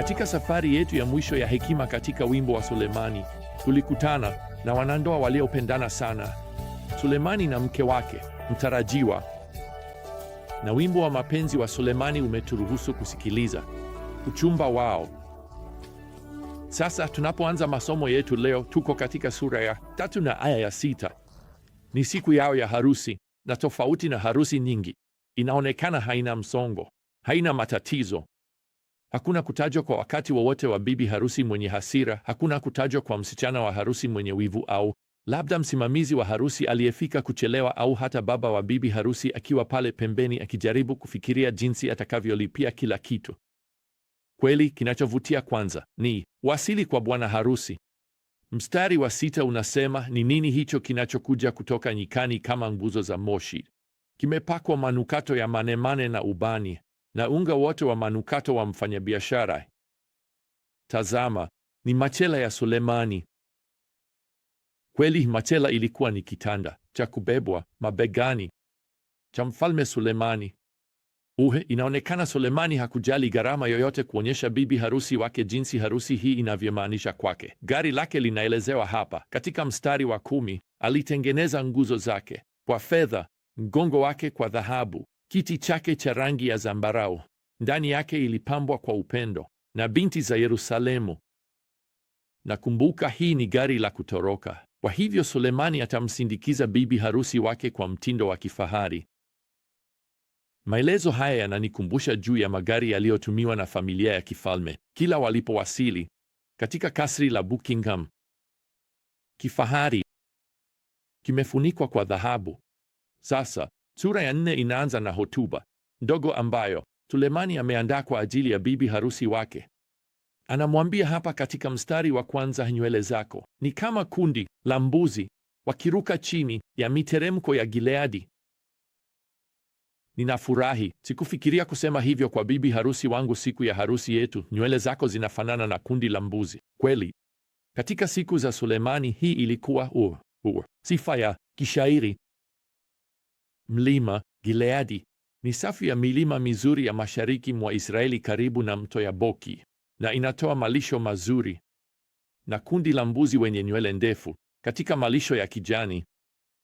Katika safari yetu ya mwisho ya hekima katika wimbo wa Sulemani, tulikutana na wanandoa waliopendana sana, Sulemani na mke wake mtarajiwa. Na wimbo wa mapenzi wa Sulemani umeturuhusu kusikiliza uchumba wao. Sasa tunapoanza masomo yetu leo, tuko katika sura ya tatu na aya ya sita. Ni siku yao ya harusi, na tofauti na harusi nyingi, inaonekana haina msongo, haina matatizo. Hakuna kutajwa kwa wakati wowote wa, wa bibi harusi mwenye hasira. Hakuna kutajwa kwa msichana wa harusi mwenye wivu, au labda msimamizi wa harusi aliyefika kuchelewa, au hata baba wa bibi harusi akiwa pale pembeni akijaribu kufikiria jinsi atakavyolipia kila kitu. Kweli, kinachovutia kwanza ni wasili kwa bwana harusi. Mstari wa sita unasema, ni nini hicho kinachokuja kutoka nyikani kama nguzo za moshi? Kimepakwa manukato ya manemane na ubani na unga wote wa manukato wa mfanyabiashara. Tazama, ni machela ya Sulemani. Kweli machela ilikuwa ni kitanda cha kubebwa mabegani cha mfalme Sulemani. Uhe, inaonekana Sulemani hakujali gharama yoyote kuonyesha bibi harusi wake jinsi harusi hii inavyomaanisha kwake. Gari lake linaelezewa hapa katika mstari wa kumi. Alitengeneza nguzo zake kwa fedha, mgongo wake kwa dhahabu, kiti chake cha rangi ya zambarau ndani yake ilipambwa kwa upendo na binti za Yerusalemu. Nakumbuka, hii ni gari la kutoroka, kwa hivyo Sulemani atamsindikiza bibi harusi wake kwa mtindo wa kifahari. Maelezo haya yananikumbusha juu ya magari yaliyotumiwa na familia ya kifalme kila walipowasili katika kasri la Buckingham. Kifahari kimefunikwa kwa dhahabu. Sasa Sura ya nne inaanza na hotuba ndogo ambayo Sulemani ameandaa kwa ajili ya bibi harusi wake. Anamwambia hapa katika mstari wa kwanza, nywele zako ni kama kundi la mbuzi wakiruka chini ya miteremko ya Gileadi. Ninafurahi, sikufikiria kusema hivyo kwa bibi harusi wangu siku ya harusi yetu. Nywele zako zinafanana na kundi la mbuzi kweli. Katika siku za Sulemani, hii ilikuwa u uh, uh, sifa ya kishairi mlima Gileadi ni safu ya milima mizuri ya mashariki mwa Israeli karibu na mto Yaboki, na inatoa malisho mazuri na kundi la mbuzi wenye nywele ndefu katika malisho ya kijani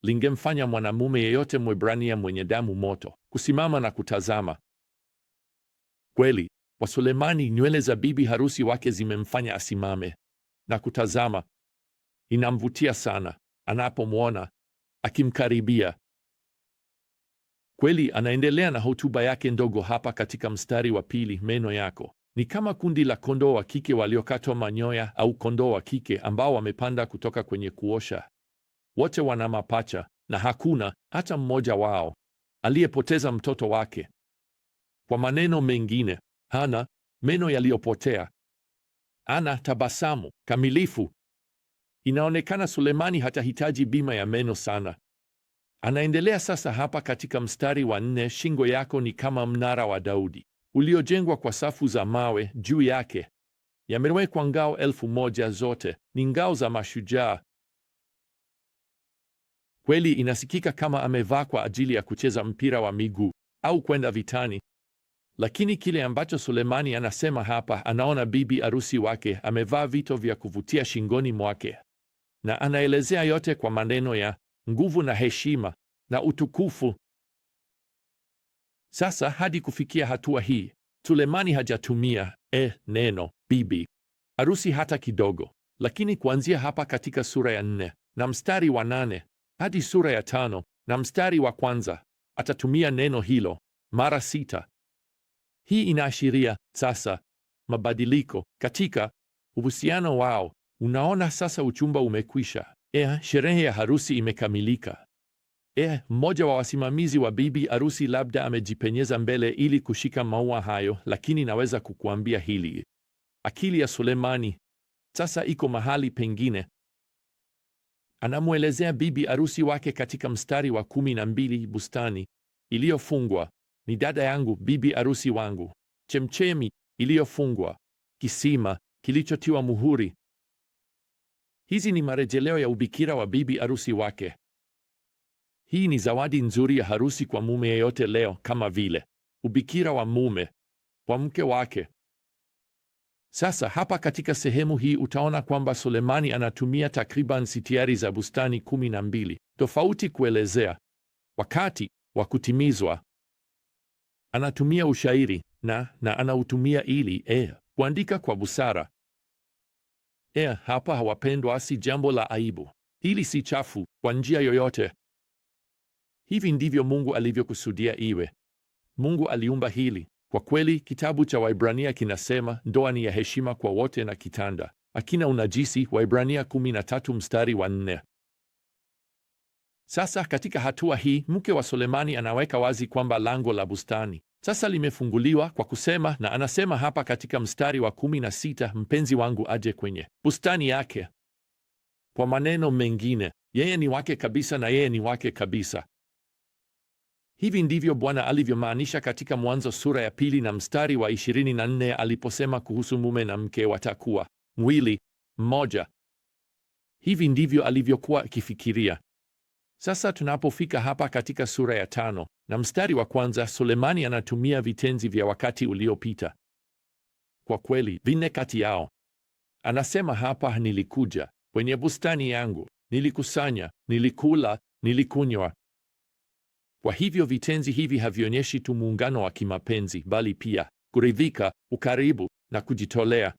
lingemfanya mwanamume yeyote Mwebrania mwenye damu moto kusimama na kutazama. Kweli kwa Sulemani, nywele za bibi harusi wake zimemfanya asimame na kutazama. Inamvutia sana anapomwona akimkaribia. Kweli anaendelea na hotuba yake ndogo hapa katika mstari wa pili, meno yako ni kama kundi la kondoo wa kike waliokatwa manyoya au kondoo wa kike ambao wamepanda kutoka kwenye kuosha. Wote wana mapacha na hakuna hata mmoja wao aliyepoteza mtoto wake. Kwa maneno mengine, hana meno yaliyopotea, ana tabasamu kamilifu. Inaonekana Sulemani hatahitaji bima ya meno sana. Anaendelea sasa hapa katika mstari wa nne, shingo yako ni kama mnara wa Daudi uliojengwa kwa safu za mawe, juu yake yamewekwa ngao elfu moja zote ni ngao za mashujaa. Kweli inasikika kama amevaa kwa ajili ya kucheza mpira wa miguu au kwenda vitani, lakini kile ambacho Sulemani anasema hapa, anaona bibi arusi wake amevaa vito vya kuvutia shingoni mwake, na anaelezea yote kwa maneno ya nguvu na heshima na utukufu. Sasa hadi kufikia hatua hii, Sulemani hajatumia e neno bibi harusi hata kidogo, lakini kuanzia hapa katika sura ya nne na mstari wa nane hadi sura ya tano na mstari wa kwanza atatumia neno hilo mara sita. Hii inaashiria sasa mabadiliko katika uhusiano wao. Unaona, sasa uchumba umekwisha, Ea, eh, sherehe ya harusi imekamilika. Ea, eh, mmoja wa wasimamizi wa bibi harusi labda amejipenyeza mbele ili kushika maua hayo, lakini naweza kukuambia hili, akili ya Sulemani sasa iko mahali pengine. Anamwelezea bibi harusi wake katika mstari wa kumi na mbili, bustani iliyofungwa ni dada yangu, bibi harusi wangu, chemchemi iliyofungwa, kisima kilichotiwa muhuri Hizi ni marejeleo ya ubikira wa bibi arusi wake. Hii ni zawadi nzuri ya harusi kwa mume yeyote leo, kama vile ubikira wa mume kwa mke wake. Sasa hapa katika sehemu hii utaona kwamba Sulemani anatumia takriban sitiari za bustani kumi na mbili tofauti kuelezea wakati wa kutimizwa. Anatumia ushairi na na anautumia ili e kuandika kwa busara E, hapa wapendwa, si jambo la aibu. Hili si chafu kwa njia yoyote. Hivi ndivyo Mungu alivyokusudia iwe. Mungu aliumba hili. Kwa kweli, kitabu cha Waibrania kinasema ndoa ni ya heshima kwa wote na kitanda akina unajisi, Waibrania 13 mstari wa 4. Sasa katika hatua hii mke wa Sulemani anaweka wazi kwamba lango la bustani sasa limefunguliwa kwa kusema, na anasema hapa katika mstari wa kumi na sita mpenzi wangu aje kwenye bustani yake. Kwa maneno mengine, yeye ni wake kabisa na yeye ni wake kabisa. Hivi ndivyo Bwana alivyomaanisha katika Mwanzo sura ya pili na mstari wa 24 aliposema kuhusu mume na mke watakuwa mwili mmoja. Hivi ndivyo alivyokuwa akifikiria. Sasa tunapofika hapa katika sura ya tano na mstari wa kwanza, Sulemani anatumia vitenzi vya wakati uliopita kwa kweli vinne kati yao. Anasema hapa, nilikuja kwenye bustani yangu, nilikusanya, nilikula, nilikunywa. Kwa hivyo vitenzi hivi havionyeshi tu muungano wa kimapenzi, bali pia kuridhika, ukaribu na kujitolea.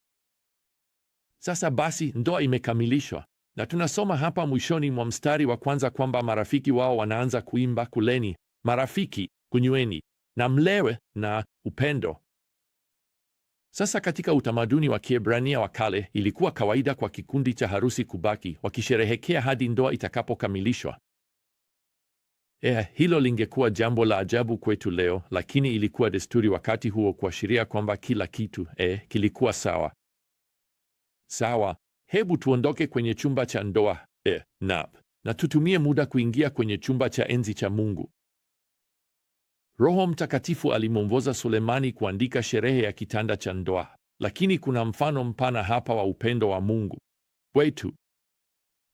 Sasa basi, ndoa imekamilishwa, na tunasoma hapa mwishoni mwa mstari wa kwanza kwamba marafiki wao wanaanza kuimba, kuleni marafiki, kunyweni na mlewe na upendo. Sasa katika utamaduni wa Kiebrania wa kale ilikuwa kawaida kwa kikundi cha harusi kubaki wakisherehekea hadi ndoa itakapokamilishwa. Eh, hilo lingekuwa jambo la ajabu kwetu leo, lakini ilikuwa desturi wakati huo kuashiria kwamba kila kitu eh, kilikuwa sawa sawa. Hebu tuondoke kwenye chumba cha ndoa eh, na na tutumie muda kuingia kwenye chumba cha enzi cha Mungu. Roho Mtakatifu alimwongoza Sulemani kuandika sherehe ya kitanda cha ndoa, lakini kuna mfano mpana hapa wa upendo wa Mungu wetu.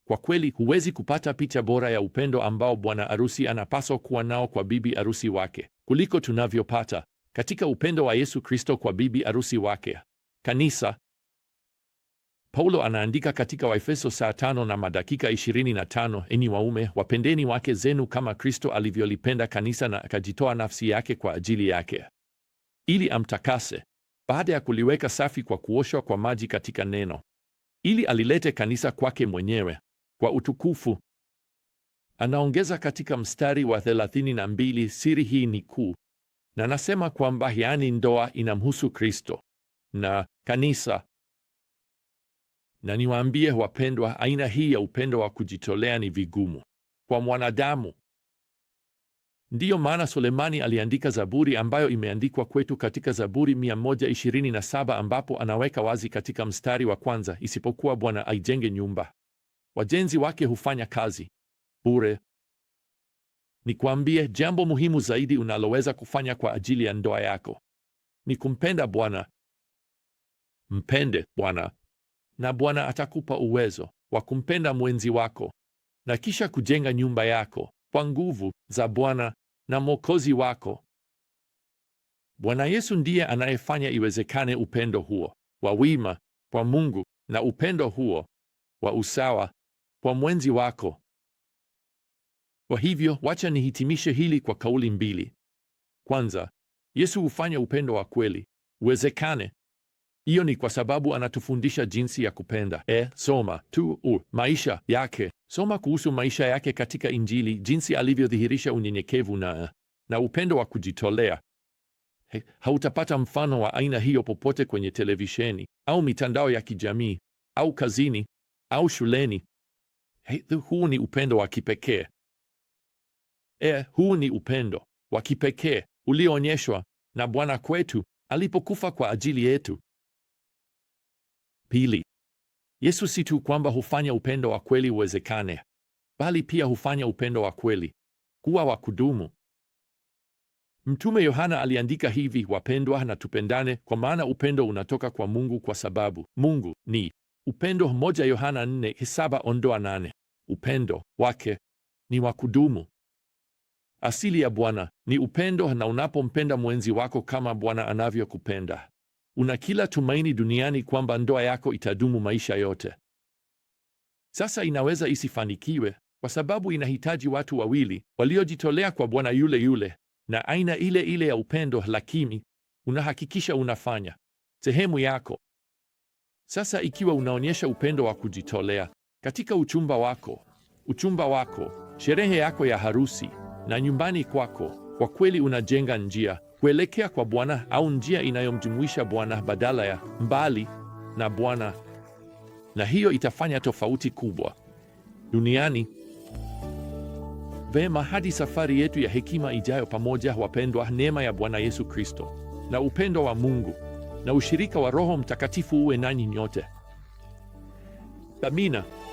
Kwa kweli, huwezi kupata picha bora ya upendo ambao bwana arusi anapaswa kuwa nao kwa bibi arusi wake kuliko tunavyopata katika upendo wa Yesu Kristo kwa bibi arusi wake kanisa. Paulo anaandika katika Waefeso saa tano na madakika 25, enyi waume wapendeni wake zenu kama Kristo alivyolipenda kanisa na akajitoa nafsi yake kwa ajili yake ili amtakase, baada ya kuliweka safi kwa kuoshwa kwa maji katika neno, ili alilete kanisa kwake mwenyewe kwa utukufu. Anaongeza katika mstari wa 32, siri hii ni kuu, na nasema kwamba yani ndoa inamhusu Kristo na kanisa. Na niwaambie wapendwa, aina hii ya upendo wa kujitolea ni vigumu kwa mwanadamu. Ndiyo maana Sulemani aliandika Zaburi ambayo imeandikwa kwetu katika Zaburi 127 ambapo anaweka wazi katika mstari wa kwanza, isipokuwa Bwana aijenge nyumba, wajenzi wake hufanya kazi bure. Nikwambie, jambo muhimu zaidi unaloweza kufanya kwa ajili ya ndoa yako ni kumpenda Bwana. Mpende Bwana na Bwana atakupa uwezo wa kumpenda mwenzi wako na kisha kujenga nyumba yako kwa nguvu za Bwana na Mwokozi wako. Bwana Yesu ndiye anayefanya iwezekane upendo huo wa wima kwa Mungu na upendo huo wa usawa kwa mwenzi wako. Kwa hivyo, wacha nihitimishe hili kwa kauli mbili. Kwanza, Yesu hufanya upendo wa kweli uwezekane hiyo ni kwa sababu anatufundisha jinsi ya kupenda. E, soma tu u maisha yake, soma kuhusu maisha yake katika Injili, jinsi alivyodhihirisha unyenyekevu na, na upendo wa kujitolea. He, hautapata mfano wa aina hiyo popote kwenye televisheni au mitandao ya kijamii au kazini au shuleni. He, huu ni upendo wa kipekee. E, huu ni upendo wa kipekee ulioonyeshwa na Bwana kwetu alipokufa kwa ajili yetu. Pili, Yesu si tu kwamba hufanya upendo wa kweli uwezekane, bali pia hufanya upendo wa kweli kuwa wa kudumu. Mtume Yohana aliandika hivi, wapendwa, na tupendane kwa maana upendo unatoka kwa Mungu, kwa sababu Mungu ni upendo. Moja Yohana 4:7 ondoa nane. Upendo wake ni wa kudumu. Asili ya Bwana ni upendo, na unapompenda mwenzi wako kama Bwana anavyokupenda, Una kila tumaini duniani kwamba ndoa yako itadumu maisha yote. Sasa inaweza isifanikiwe kwa sababu inahitaji watu wawili waliojitolea kwa Bwana yule yule na aina ile ile ya upendo, lakini unahakikisha unafanya sehemu yako. Sasa ikiwa unaonyesha upendo wa kujitolea katika uchumba wako, uchumba wako, sherehe yako ya harusi na nyumbani kwako, kwa kweli unajenga njia Kuelekea kwa Bwana au njia inayomjumuisha Bwana badala ya mbali na Bwana, na hiyo itafanya tofauti kubwa duniani. Vema, hadi safari yetu ya hekima ijayo pamoja, wapendwa, neema ya Bwana Yesu Kristo na upendo wa Mungu na ushirika wa Roho Mtakatifu uwe nanyi nyote. Amina.